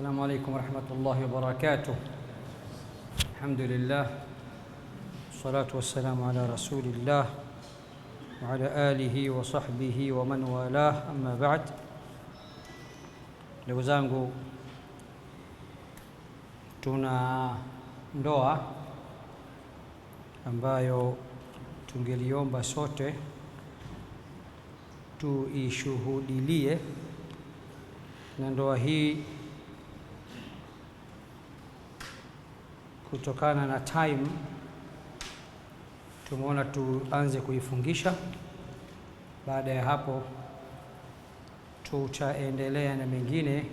السلام عليكم ورحمة الله وبركاته الحمد لله والصلاة والسلام على رسول الله وعلى آله وصحبه ومن والاه أما بعد ndugu zangu tuna ndoa ambayo tungeliomba sote tuishuhudilie na ndoa hii kutokana na time tumeona tuanze kuifungisha. Baada ya hapo, tutaendelea na mengine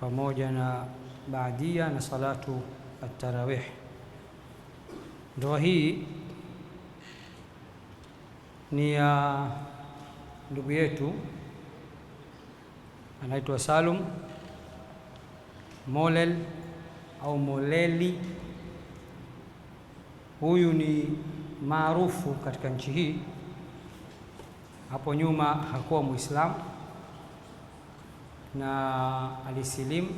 pamoja na baadia na salatu at-tarawih. Ndoa hii ni ya ndugu yetu anaitwa Salum Molel au Moleli. Huyu ni maarufu katika nchi hii, hapo nyuma hakuwa Muislamu na alisilimu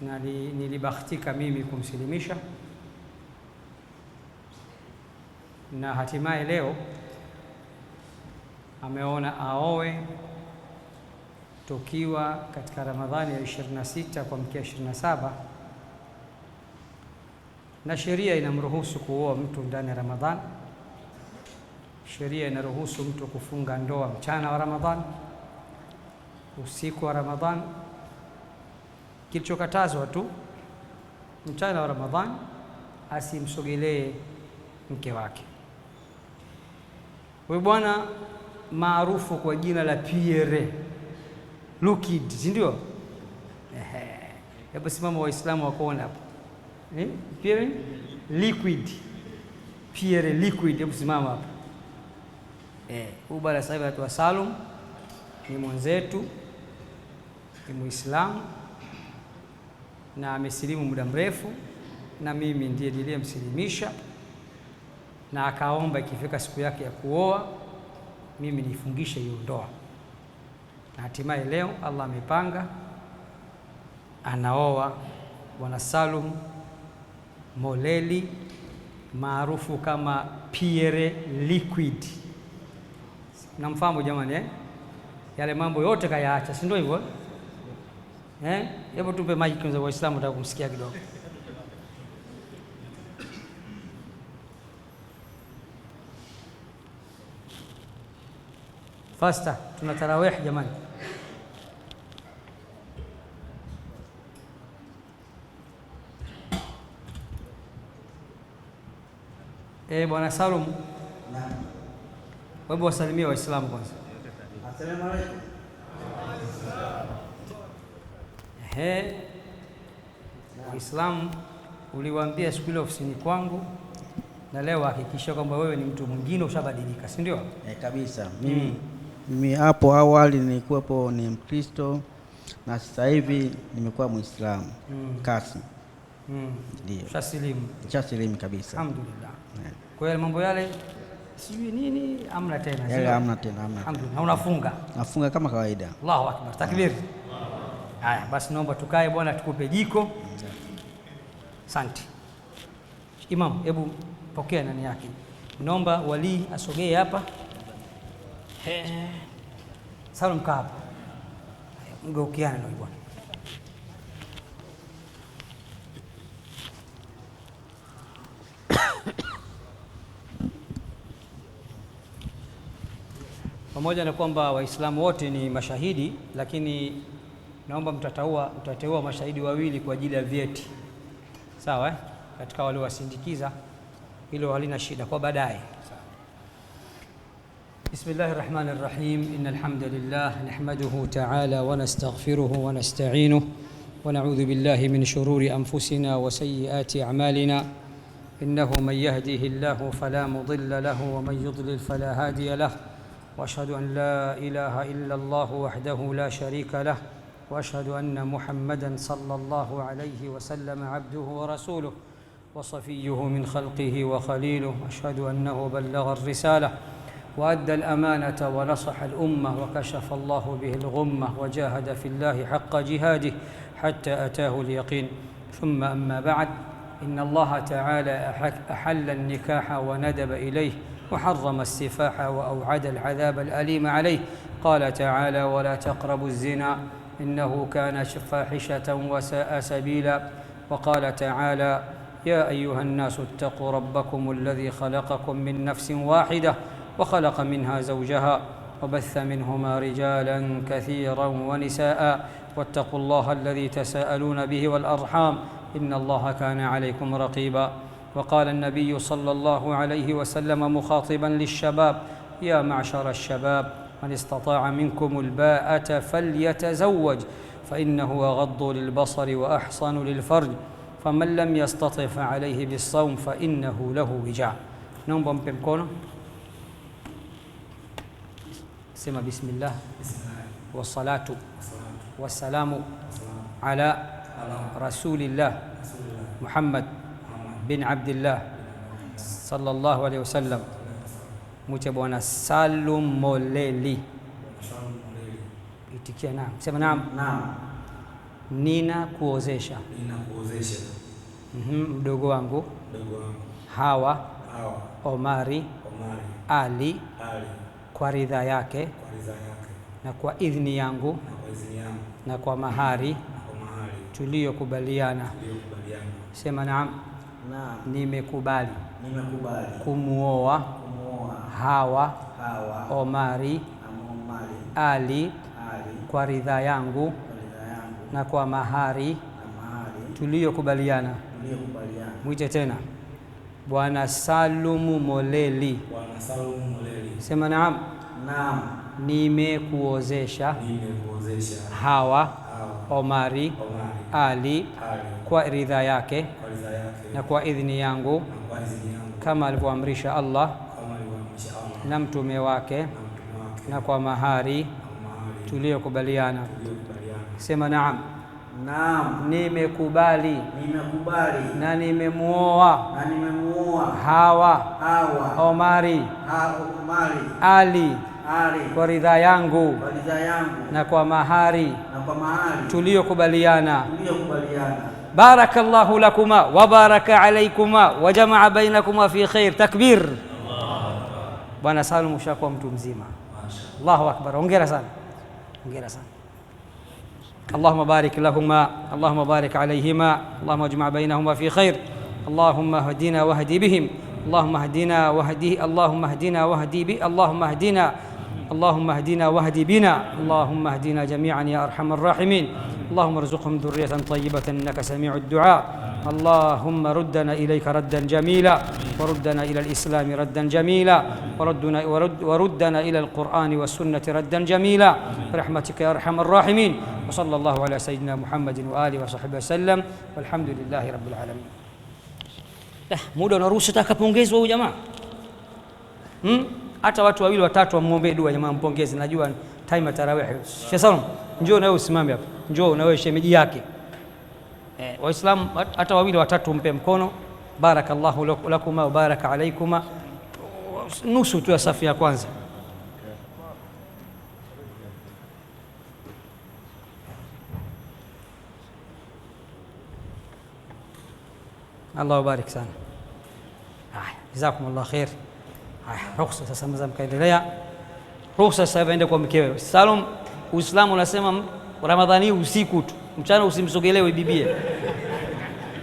na li, nilibahatika mimi kumsilimisha na hatimaye leo ameona aoe tukiwa katika Ramadhani ya 26 kuamkia 27 na sheria inamruhusu kuoa mtu ndani ya Ramadhani. Sheria inaruhusu mtu kufunga ndoa mchana wa Ramadhani, usiku wa Ramadhani. Kilichokatazwa tu mchana wa Ramadhani asimsogelee mke wake. Huyu bwana maarufu kwa jina la Pierre sindio it, si ndio? Hebu simama Waislamu wakaona hapo. Eh? Pierre liquid. Pierre liquid, hebu simama hapo. Eh, huyu bwana sahibi anaitwa Salum ni mwenzetu, ni Muislamu na amesilimu muda mrefu, na mimi ndiye niliyemsilimisha, na akaomba ikifika siku yake ya kuoa mimi nifungishe hiyo ndoa na hatimaye leo Allah amepanga anaoa Bwana Salum Moleli maarufu kama Pierre Liquid. Namfahamu jamani eh? Yale mambo yote kayaacha, si ndio hivyo eh? eh hebu tupe mic kwanza, Waislamu nataka kumsikia kidogo. Fasta, tuna tarawih jamani. Eh, Bwana Salum. Naam. Wewe wasalimie Waislamu kwanza. Asalamu alaykum. Eh. Waislamu uliwaambia siku ile ofisini kwangu na leo hakikisha kwamba wewe ni mtu mwingine ushabadilika, si ndio? Eh, kabisa. Mimi mimi mm. hapo awali nilikuwepo ni Mkristo na sasa hivi nimekuwa Muislamu. Mm. Kasi. Mm. ndio shasilimu shasilimu kabisa, alhamdulillah. Kwa hiyo mambo yale sijui nini amna tena, yale amna tena, amna. Alhamdulillah, unafunga nafunga kama kawaida. Allahu akbar, takbir. Haya basi, naomba tukae bwana, tukupe jiko. Asante Imam, hebu pokea nani yake. Naomba wali asogee hapa. Salum, kaa hapa, mgeukiana na bwana pamoja na kwamba Waislamu wote ni mashahidi, lakini naomba mtataua mtateua mashahidi wawili kwa ajili ya vyeti, sawa eh? Katika wale wasindikiza, hilo halina shida kwa baadaye. Bismillahir Rahmanir Rahim, innal hamdalillah nahmaduhu ta'ala wa nastaghfiruhu wa nasta'inuhu wa na'udhu billahi min shururi anfusina wa sayyiati a'malina innahu man yahdihillahu fala mudilla lahu wa man yudlil fala hadiya lahu واشهد ان لا اله الا الله وحده لا شريك له واشهد ان محمدا صلى الله عليه وسلم عبده ورسوله وصفيه من خلقه وخليله اشهد انه بلغ الرساله وادى الامانه ونصح الامه وكشف الله به الغمه وجاهد في الله حق جهاده حتى اتاه اليقين ثم اما بعد ان الله تعالى احل النكاح وندب اليه وحرم السفاح وأوعد العذاب الأليم عليه قال تعالى ولا تقربوا الزنا إنه كان فاحشة وساء سبيلا وقال تعالى يا أيها الناس اتقوا ربكم الذي خلقكم من نفس واحدة وخلق منها زوجها وبث منهما رجالا كثيرا ونساء واتقوا الله الذي تساءلون به والأرحام إن الله كان عليكم رقيبا وقال النبي صلى الله عليه وسلم مخاطبا للشباب يا معشر الشباب من استطاع منكم الباءة فليتزوج فإنه أغض للبصر وأحصن للفرج فمن لم يستطع فعليه بالصوم فإنه له وجاع نومبا مكونا سمى بسم الله والصلاة والسلام على رسول الله محمد bin Abdullah sallallahu alaihi wasallam muche Bwana Salum Moleli. Itikia naam, sema naam. Naam, nina kuozesha, nina kuozesha mhm mm mdogo wangu, mdogo wangu Hawa, Hawa Omari, Omari Ali, Ali kwa ridha yake, kwa ridha yake na kwa idhini yangu na kwa idhini yangu na kwa mahari, na kwa mahari tuliyokubaliana tuliyokubaliana. Sema naam nimekubali kumuoa Hawa, Hawa Omari, Omari Ali, Ali kwa ridhaa yangu, na kwa mahari, tuliyokubaliana mwite tena Bwana Salumu Moleli, Bwana Salumu Moleli. Sema naam, naam. Nimekuozesha Hawa, Hawa Omari, Omari Ali, Ali kwa ridhaa yake, kwa ridhaa na kwa idhini yangu kama alivyoamrisha Allah na mtume wake na kwa mahari tuliyokubaliana. Sema naam. Naam, nimekubali na nimemuoa Hawa, Hawa Omari, Omari Ali, Ali kwa ridhaa yangu, yangu na kwa mahari, mahari tuliyokubaliana. بارك الله لكما وبارك عليكما وجمع بينكما في خير تكبير بنا سالم ushakuwa mtu الله اكبر akbar سان sana سان اللهم بارك لهما اللهم بارك عليهما اللهم اجمع بينهما في خير اللهم اهدنا واهدي بهم اللهم اهدنا واهدي اللهم اهدنا واهدي ب اللهم اهدنا اللهم اهدنا واهدي بنا اللهم اهدنا جميعا يا ارحم الراحمين اللهم ارزقهم ذرية طيبة إنك سميع الدعاء اللهم ردنا إليك ردا جميلا وردنا إلى الإسلام ردا جميلا وردنا ورد وردنا إلى القرآن والسنة ردا جميلا برحمتك يا أرحم الراحمين وصلى الله على سيدنا محمد وآله وصحبه وسلم والحمد لله رب العالمين Eh, muda unaruhusu kapongezwa huyu jamaa hmm? hata watu wawili watatu wamwombee dua تايم التراويح شو صار نجو نو سمام ياب نجو نو شيء مدياكي إيه، وإسلام أتواويل واتاتهم بمكونه بارك الله لكما وبارك عليكما نوسو تو صفيا كوانزا الله يبارك سنة آه، جزاكم الله خير آه، رخصة سمزم كيدليا ruhusa sasa aende kwa mkewe. Salum, Uislamu unasema Ramadhani usiku tu, mchana usimsogelewe bibie.